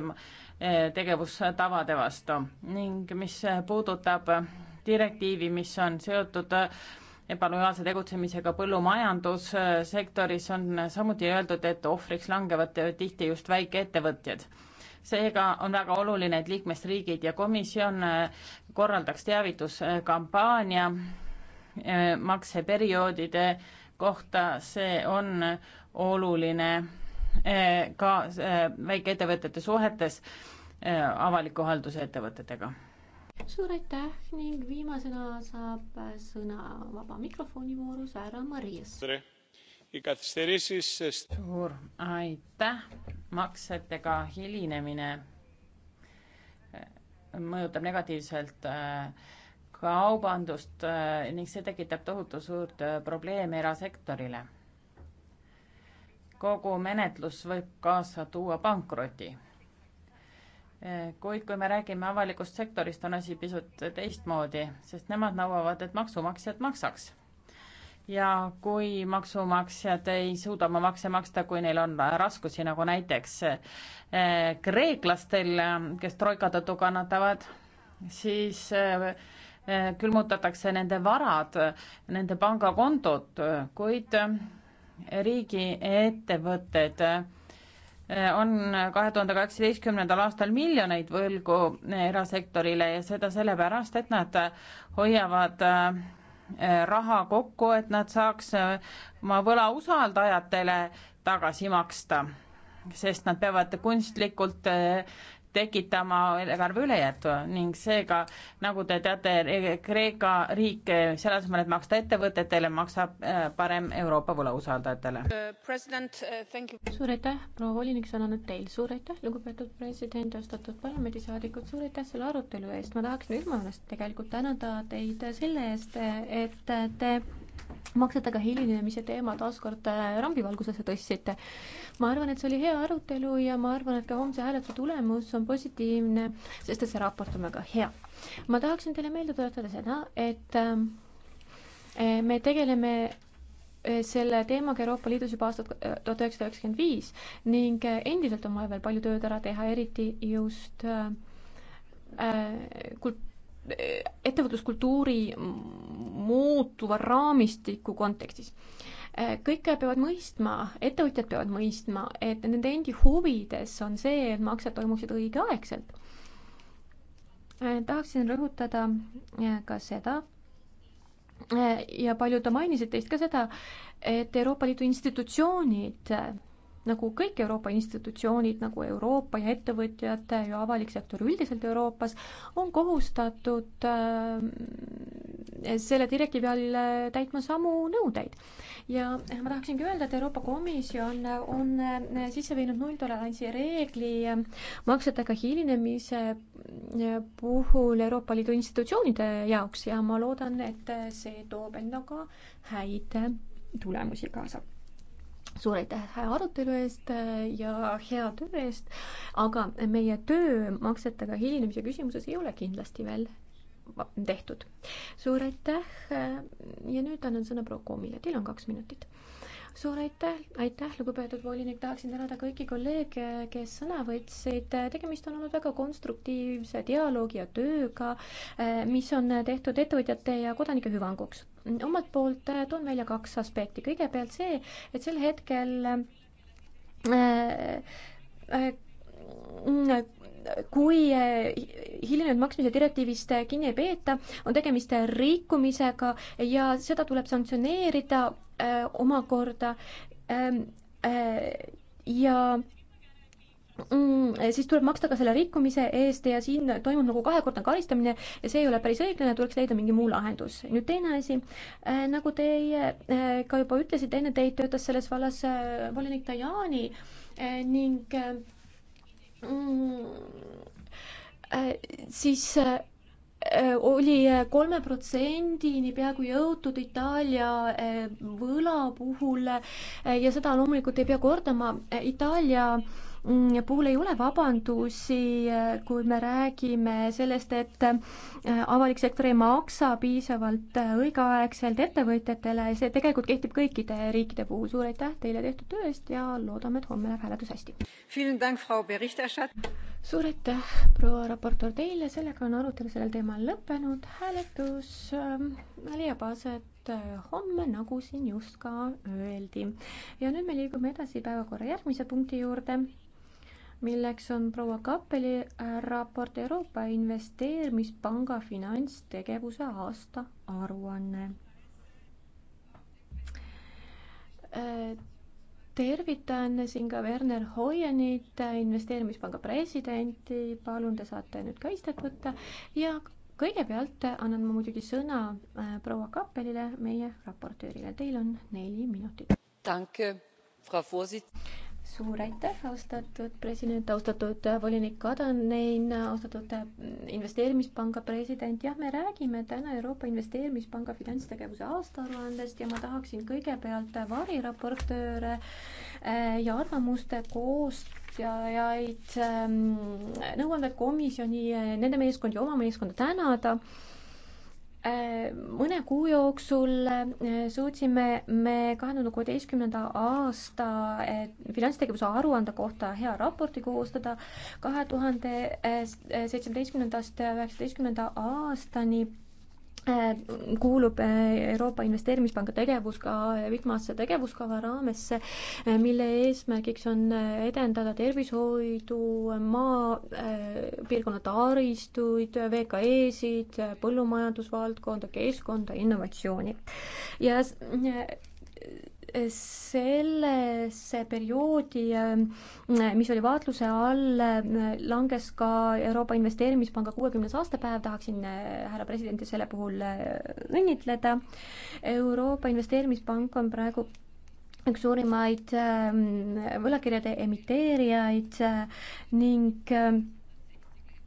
tegevustavade vastu ning mis puudutab direktiivi, mis on seotud ebalojaalse tegutsemisega põllumajandussektoris on samuti öeldud, et ohvriks langevad tihti just väikeettevõtjad. seega on väga oluline, et liikmesriigid ja komisjon äh, korraldaks teavituskampaania äh, makseperioodide kohta, see on oluline äh, ka väikeettevõtete suhetes avaliku halduse ettevõtetega suur aitäh ning viimasena saab sõna vaba mikrofoni voorus härra Marias. suur aitäh, maksetega hilinemine äh, mõjutab negatiivselt äh, kaubandust äh, ning see tekitab tohutu suurt probleemi erasektorile. kogu menetlus võib kaasa tuua pankroti Eh, kuid kui me räägime avalikust sektorist, on asi pisut teistmoodi, sest nemad nõuavad, et maksumaksjad maksaks. ja kui maksumaksjad ei suuda oma makse maksta, kui neil on raskusi, nagu näiteks eh, kreeklastel, kes troika tõttu kannatavad, siis eh, külmutatakse nende varad, nende pangakontod, kuid riigiettevõtted et on kahe tuhande kaheksateistkümnendal aastal miljoneid võlgu eh, erasektorile ja seda sellepärast, et nad hoiavad eh, raha kokku, et nad saaks eh, oma võla usaldajatele tagasi maksta, sest nad peavad kunstlikult tekitama eelarve ülejäätu ning seega, nagu te teate, Kreeka riik selle asemel, et maksta ettevõtetele, maksab äh, parem Euroopa võlausaldajatele. Uh, uh, suur aitäh, proua volinik, sõna nüüd teil, suur aitäh, lugupeetud president, austatud parlamendisaadikud, suur aitäh selle arutelu eest, ma tahaksin ilma ennast tegelikult tänada teid selle eest, et te maksetega hilinemise teema taaskord äh, rambivalgusesse tõstsite. ma arvan, et see oli hea arutelu ja ma arvan, et ka homse hääletuse tulemus on positiivne, sest et see raport on väga hea. ma tahaksin teile meelde tuletada seda, et äh, äh, me tegeleme selle teemaga Euroopa Liidus juba aastat tuhat üheksasada üheksakümmend viis ning endiselt on vaja veel palju tööd ära teha, eriti just äh, kult-, ettevõtluskultuuri muutuva raamistiku kontekstis. Äh, kõik peavad mõistma, ettevõtjad peavad mõistma, et nende endi huvides on see, et maksed toimuksid õigeaegselt. Äh, tahaksin rõhutada äh, ka seda, ja paljud mainisid teist ka seda, et Euroopa Liidu institutsioonid nagu kõik Euroopa institutsioonid, nagu Euroopa ja ettevõtjad ja avalik sektor üldiselt Euroopas, on kohustatud äh, selle direktiivi all täitma samu nõudeid. ja ma tahaksingi öelda, et Euroopa Komisjon on äh, sisse viinud nulltolerantsi reegli äh, maksetega hilinemise puhul Euroopa Liidu institutsioonide jaoks ja ma loodan, et see toob endaga häid tulemusi kaasa suur aitäh hea arutelu eest äh, ja hea töö eest, aga meie töö maksetega hilinemise küsimuses ei ole kindlasti veel tehtud. suur aitäh äh, ja nüüd annan sõna Prokomile, teil on kaks minutit. suur aitäh, aitäh, lugupeetud volinik, tahaksin tänada kõiki kolleege, kes sõna võtsid, tegemist on olnud väga konstruktiivse dialoogi ja tööga, äh, mis on tehtud ettevõtjate ja kodanike hüvanguks omalt poolt äh, toon välja kaks aspekti, kõigepealt see, et sel hetkel äh, äh, kui äh, hilinenud maksmise direktiivist kinni ei peeta, on tegemist rikkumisega ja seda tuleb sanktsioneerida äh, omakorda äh,. Äh, ja Mm, siis tuleb maksta ka selle rikkumise eest ja siin toimub nagu kahekordne karistamine ja see ei ole päris õiglane, tuleks leida mingi muu lahendus. nüüd teine asi, äh, nagu teie äh, ka juba ütlesite, enne teid töötas selles vallas äh, volinik Tajani ning mm, siis oli kolme protsendini peaaegu jõutud Itaalia võla puhul ja seda loomulikult ei pea kordama. Itaalia Mm, puhul ei ole vabandusi, kui me räägime sellest, et äh, avalik sektor ei maksa piisavalt äh, õigeaegselt ettevõtjatele, see tegelikult kehtib kõikide riikide puhul. suur aitäh teile tehtud töö eest ja loodame, et homme läheb hääletus hästi. suur aitäh, proua raportöör teile, sellega on arutelu sellel teemal lõppenud, hääletus ähm, leiab aset äh, homme, nagu siin just ka öeldi. ja nüüd me liigume edasi päevakorra järgmise punkti juurde milleks on proua Kappeli äh, raport Euroopa Investeerimispanga finantstegevuse aasta aruanne. Äh, tervitan siin ka Werner Hoienit, äh, investeerimispanga presidenti, palun, te saate nüüd ka istet võtta ja kõigepealt annan ma muidugi sõna proua Kappelile, meie raportöörile, teil on neli minutit suur aitäh, austatud president, austatud äh, volinik Kadanein, austatud äh, investeerimispanga president, jah, me räägime täna Euroopa Investeerimispanga finantstegevuse aastaaruandest ja ma tahaksin kõigepealt äh, variraportööre ja arvamuste koostajaid, ähm, nõuandekomisjoni, nende meeskondi, oma meeskonda tänada Äh, mõne kuu jooksul äh, suutsime me kahe tuhande kuueteistkümnenda aasta äh, finantstegevuse aruande kohta hea raporti koostada. kahe tuhande seitsmeteistkümnendast üheksateistkümnenda aastani Äh, kuulub äh, Euroopa Investeerimispanga tegevus ka mitmasse tegevuskava raamesse, äh, mille eesmärgiks on edendada tervishoidu, maapiirkonna taristuid, VKE-sid, põllumajandusvaldkonda, keskkonda, innovatsiooni. ja sellesse perioodi, äh, mis oli vaatluse all, äh, langes ka Euroopa Investeerimispanga kuuekümnes aastapäev, tahaksin äh, härra presidenti selle puhul õnnitleda. Euroopa Investeerimispank on praegu üks suurimaid ähm, võlakirjade emiteerijaid ning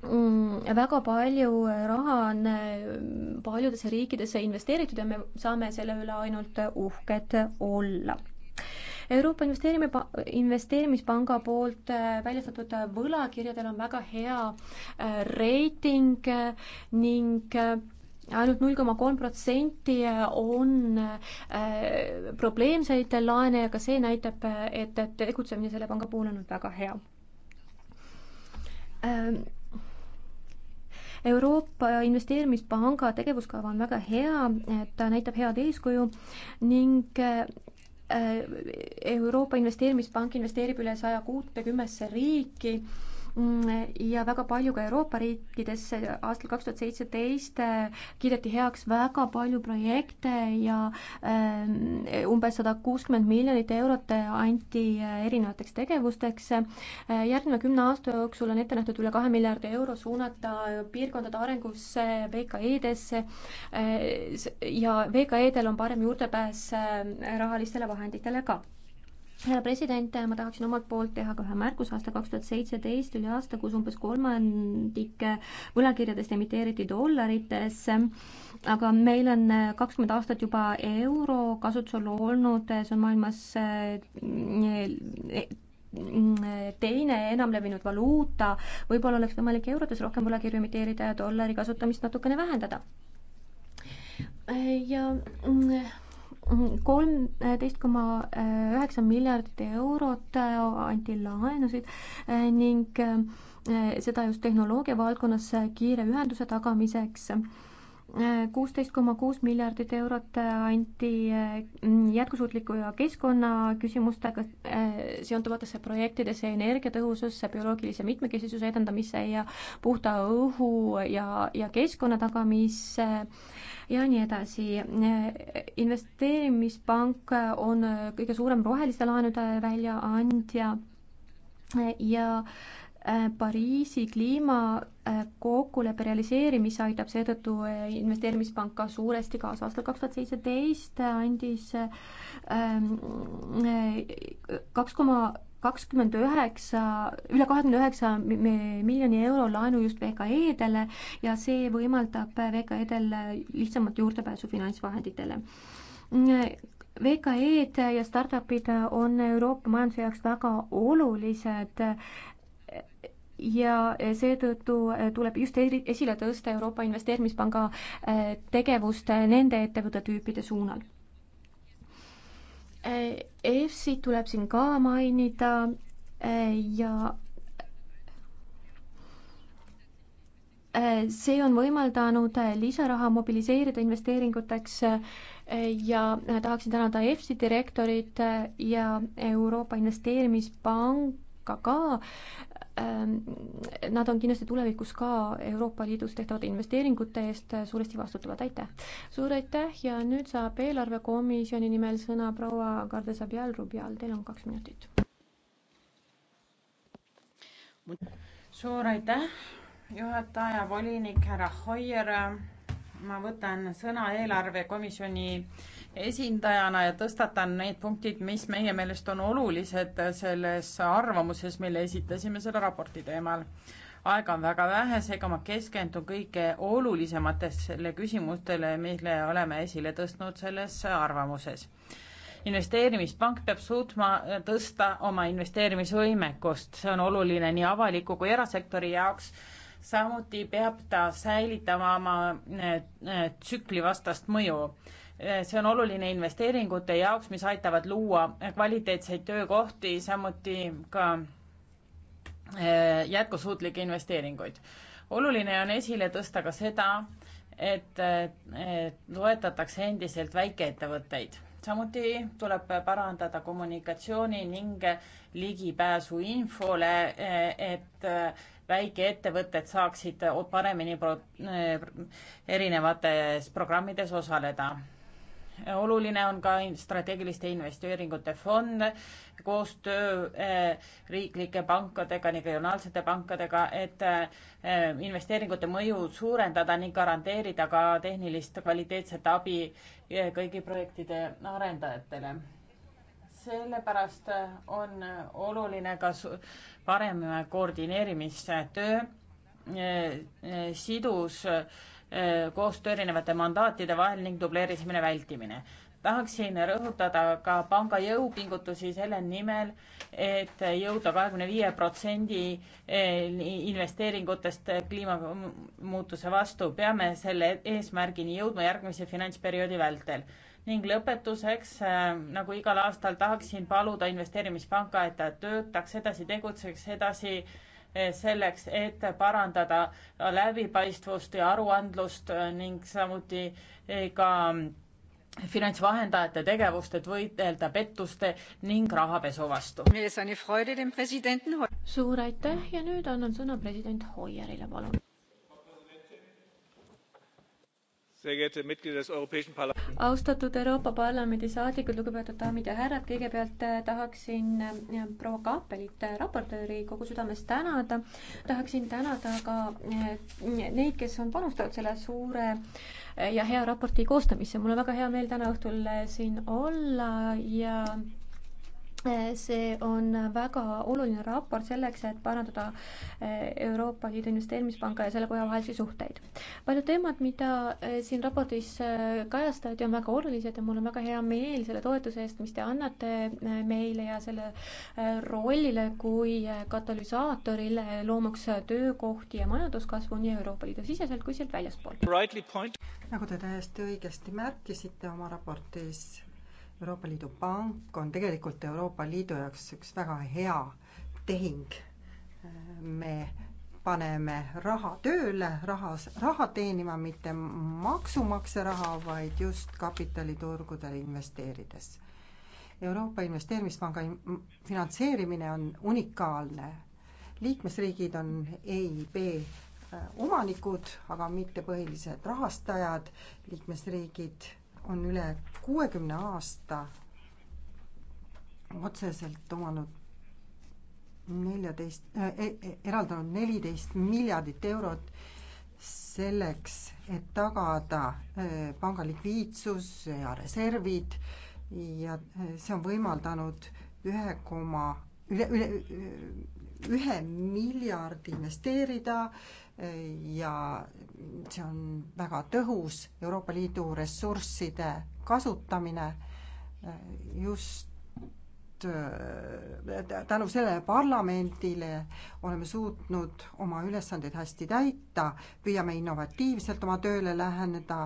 Mm, väga palju raha on mm, paljudesse riikidesse investeeritud ja me saame selle üle ainult uhked olla. Euroopa investeerime, investeerimispanga poolt äh, väljastatud võlakirjadel on väga hea äh, reiting ning äh, ainult null koma kolm protsenti on probleemseid laene ja ka see näitab, et, et tegutsemine selle panga puhul on olnud väga hea ähm, Euroopa Investeerimispanga tegevuskava on väga hea, ta näitab head eeskuju ning äh, Euroopa Investeerimispank investeerib üle saja kuutekümnesse riiki Mm, ja väga palju ka Euroopa riikides aastal kaks tuhat seitseteist äh, kiideti heaks väga palju projekte ja äh, umbes sada kuuskümmend miljonit eurot äh, anti erinevateks tegevusteks. järgneva kümne aasta jooksul on ette nähtud üle kahe miljardi euro suunata piirkondade arengusse, VKE-desse ja VKE-del on parem juurdepääs rahalistele vahenditele ka härra president, ma tahaksin omalt poolt teha ka ühe märkuse, aasta kaks tuhat seitseteist oli aasta, kus umbes kolmandik võlakirjadest emiteeriti dollarites, aga meil on kakskümmend aastat juba euro kasutusel olnud, see on maailmas eh, eh, teine enamlevinud valuuta, võib-olla oleks võimalik eurodes rohkem võlakirju emiteerida ja dollari kasutamist natukene vähendada. ja mm, kolmteist koma üheksa miljardit eurot äh, anti laenusid äh, ning äh, seda just tehnoloogia valdkonnas kiire ühenduse tagamiseks kuusteist koma kuus miljardit eurot anti äh, jätkusuutliku ja keskkonnaküsimustega äh, seonduvatesse projektidesse, energiatõhususse, bioloogilise mitmekesisuse edendamisse ja puhta õhu ja, ja keskkonna tagamisse äh, ja nii edasi. investeerimispank on kõige suurem roheliste laenude väljaandja ja, ja Äh, Pariisi kliimakokkuleppe realiseerimise aitab seetõttu äh, investeerimispank ka suuresti kaasa. aastal kaks tuhat seitseteist äh, andis ähm, kaks koma kakskümmend üheksa, üle kahekümne üheksa miljoni euro laenu just VKE-dele ja see võimaldab VKE-del lihtsamat juurdepääsu finantsvahenditele. Mm, VKE-d ja startup'id on Euroopa majanduse jaoks väga olulised ja seetõttu eh, tuleb just esile tõsta Euroopa Investeerimispanga eh, tegevust eh, nende ettevõttetüüpide suunal. EFSi tuleb siin ka mainida ja see on võimaldanud lisaraha mobiliseerida investeeringuteks ja tahaksin tänada EFSI direktorit ja Euroopa Investeerimispanka ka Ähm, nad on kindlasti tulevikus ka Euroopa Liidus tehtavate investeeringute eest äh, suuresti vastutavad, aitäh! suur aitäh ja nüüd saab eelarvekomisjoni nimel sõna proua Gardesabial Rubial, teil on kaks minutit. suur aitäh, juhataja, volinik härra Hoier, ma võtan sõna eelarvekomisjoni esindajana ja tõstatan need punktid, mis meie meelest on olulised selles arvamuses, mille esitasime selle raporti teemal. aega on väga vähe, seega ma keskendun kõige olulisematele küsimustele, mille oleme esile tõstnud selles arvamuses. investeerimispank peab suutma tõsta oma investeerimisvõimekust, see on oluline nii avaliku kui erasektori jaoks samuti peab ta säilitama oma eh, eh, tsüklivastast mõju. Äh, see on oluline investeeringute jaoks, mis aitavad luua kvaliteetseid töökohti, samuti ka äh, jätkusuutlikke investeeringuid. oluline on esile tõsta ka seda, et toetatakse endiselt väikeettevõtteid. samuti tuleb parandada kommunikatsiooni ning ligipääsu infole, äh, et väikeettevõtted saaksid paremini erinevates programmides osaleda oluline on ka strateegiliste investeeringute fond, koostöö eh, riiklike pankadega, regionaalsete pankadega, et eh, investeeringute mõju suurendada ning garanteerida ka tehnilist kvaliteetset abi eh, kõigi projektide arendajatele. sellepärast on oluline ka parem koordineerimistöö, sidus Äh, koostöö erinevate mandaatide vahel ning dubleerisemine vältimine. tahaksin rõhutada ka panga jõupingutusi selle nimel, et jõuda kahekümne viie protsendi äh, investeeringutest kliimamuutuse vastu. peame selle eesmärgini jõudma järgmise finantsperioodi vältel ning lõpetuseks, äh, nagu igal aastal, tahaksin paluda investeerimispanka, et ta töötaks edasi, tegutseks edasi selleks, et parandada läbipaistvust ja aruandlust ning samuti ka finantsvahendajate tegevust, et võidelda pettuste ning rahapesu vastu. suur aitäh ja nüüd annan sõna president Hoiarile, palun austatud Euroopa Parlamendi saadikud, lugupeetud daamid ja härrad, kõigepealt äh, tahaksin äh, proua Kaapelit, äh, raportööri kogu südamest tänada. tahaksin tänada ka neid, kes on panustanud selle suure ja hea raporti koostamisse. mul on väga hea meel täna õhtul siin olla ja see on väga oluline raport selleks, et parandada eh, Euroopa Liidu Investeerimispanga ja selle koja vahelisi suhteid. paljud teemad, mida eh, siin raportis eh, kajastati, on väga olulised ja mul on väga hea meel selle toetuse eest, mis te annate meile ja selle rollile kui katalüsaatorile, loomaks töökohti ja majanduskasvu nii Euroopa Liidu siseselt kui sealt väljaspool. nagu te täiesti õigesti märkisite oma raportis, Euroopa Liidu Pank on tegelikult Euroopa Liidu jaoks üks väga hea tehing. me paneme raha tööle, rahas, raha teenima, mitte maksumaksja raha, vaid just kapitaliturgudel investeerides. Euroopa Investeerimispanga finantseerimine on unikaalne. liikmesriigid on EIB äh, omanikud, aga mitte põhilised rahastajad, liikmesriigid on üle kuuekümne aasta otseselt omanud neljateist äh,, e, e, eraldanud neliteist miljardit eurot selleks, et tagada äh, panga likviidsus ja reservid ja äh, see on võimaldanud ühe koma, üle, üle, ühe miljardi investeerida äh, ja see on väga tõhus Euroopa Liidu ressursside kasutamine just äh, tänu sellele parlamendile oleme suutnud oma ülesandeid hästi täita, püüame innovatiivselt oma tööle läheneda,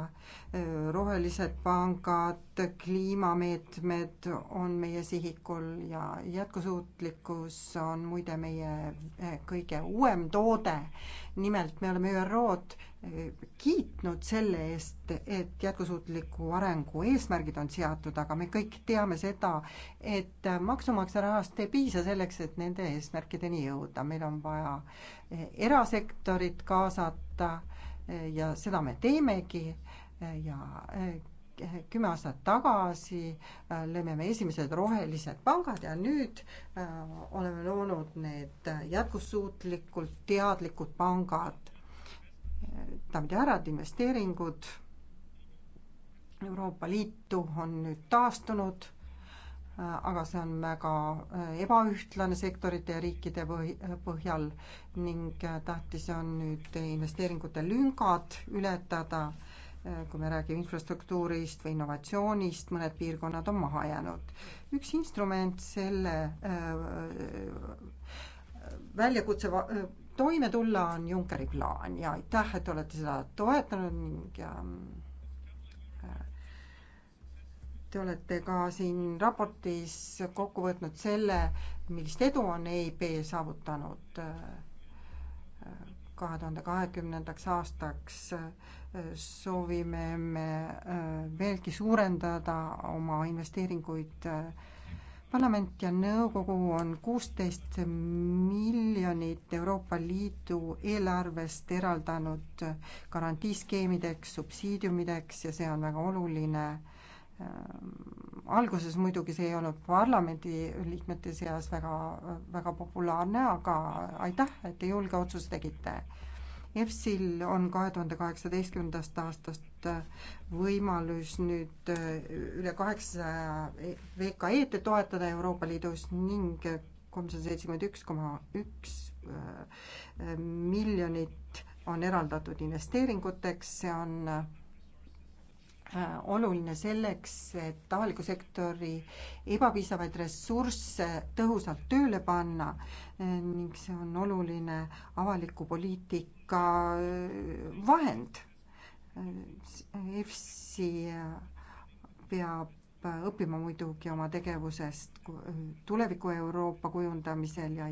rohelised pangad, kliimameetmed on meie sihikul ja jätkusuutlikkus on muide meie eh, kõige uuem toode. nimelt me oleme ÜRO-d eh, kiitnud selle eest, et jätkusuutliku arengu eesmärgid on seatud, aga me kõik teame seda, et eh, maksumaksja rahast ei piisa selleks, et nende eesmärkideni jõuda, meil on vaja erasektorit kaasata ja seda me teemegi ja eh, kümme aastat tagasi eh, lõime me esimesed rohelised pangad ja nüüd eh, oleme loonud need jätkussuutlikult teadlikud pangad. daamid ja härrad, investeeringud Euroopa Liitu on nüüd taastunud, aga see on väga ebaühtlane sektorite ja riikide põhjal ning tähtis on nüüd investeeringute lüngad ületada Äh, kui me räägime infrastruktuurist või innovatsioonist, mõned piirkonnad on maha jäänud. üks instrument selle äh, väljakutse äh, toime tulla on Junckeri plaan ja aitäh, et olete seda toetanud ning ja ähm, äh, te olete ka siin raportis kokku võtnud selle, millist edu on EIB saavutanud äh, kahe tuhande kahekümnendaks aastaks äh, soovime me äh, veelgi suurendada oma investeeringuid äh, parlament ja nõukogu on kuusteist miljonit Euroopa Liidu eelarvest eraldanud garantiiskeemideks, subsiidiumideks ja see on väga oluline Ehm, alguses muidugi see ei olnud parlamendiliikmete seas väga, väga populaarne, aga aitäh, et te julge otsuse tegite. EFSil on kahe tuhande kaheksateistkümnendast aastast äh, võimalus nüüd äh, üle kaheksasaja e, VKE-d toetada Euroopa Liidus ning kolmsada seitsekümmend üks koma üks äh, miljonit on eraldatud investeeringuteks, see on Äh, oluline selleks, et avaliku sektori ebapiisavaid ressursse tõhusalt tööle panna äh, ning see on oluline avaliku poliitika äh, vahend. EFSI peab õppima muidugi oma tegevusest tuleviku Euroopa kujundamisel ja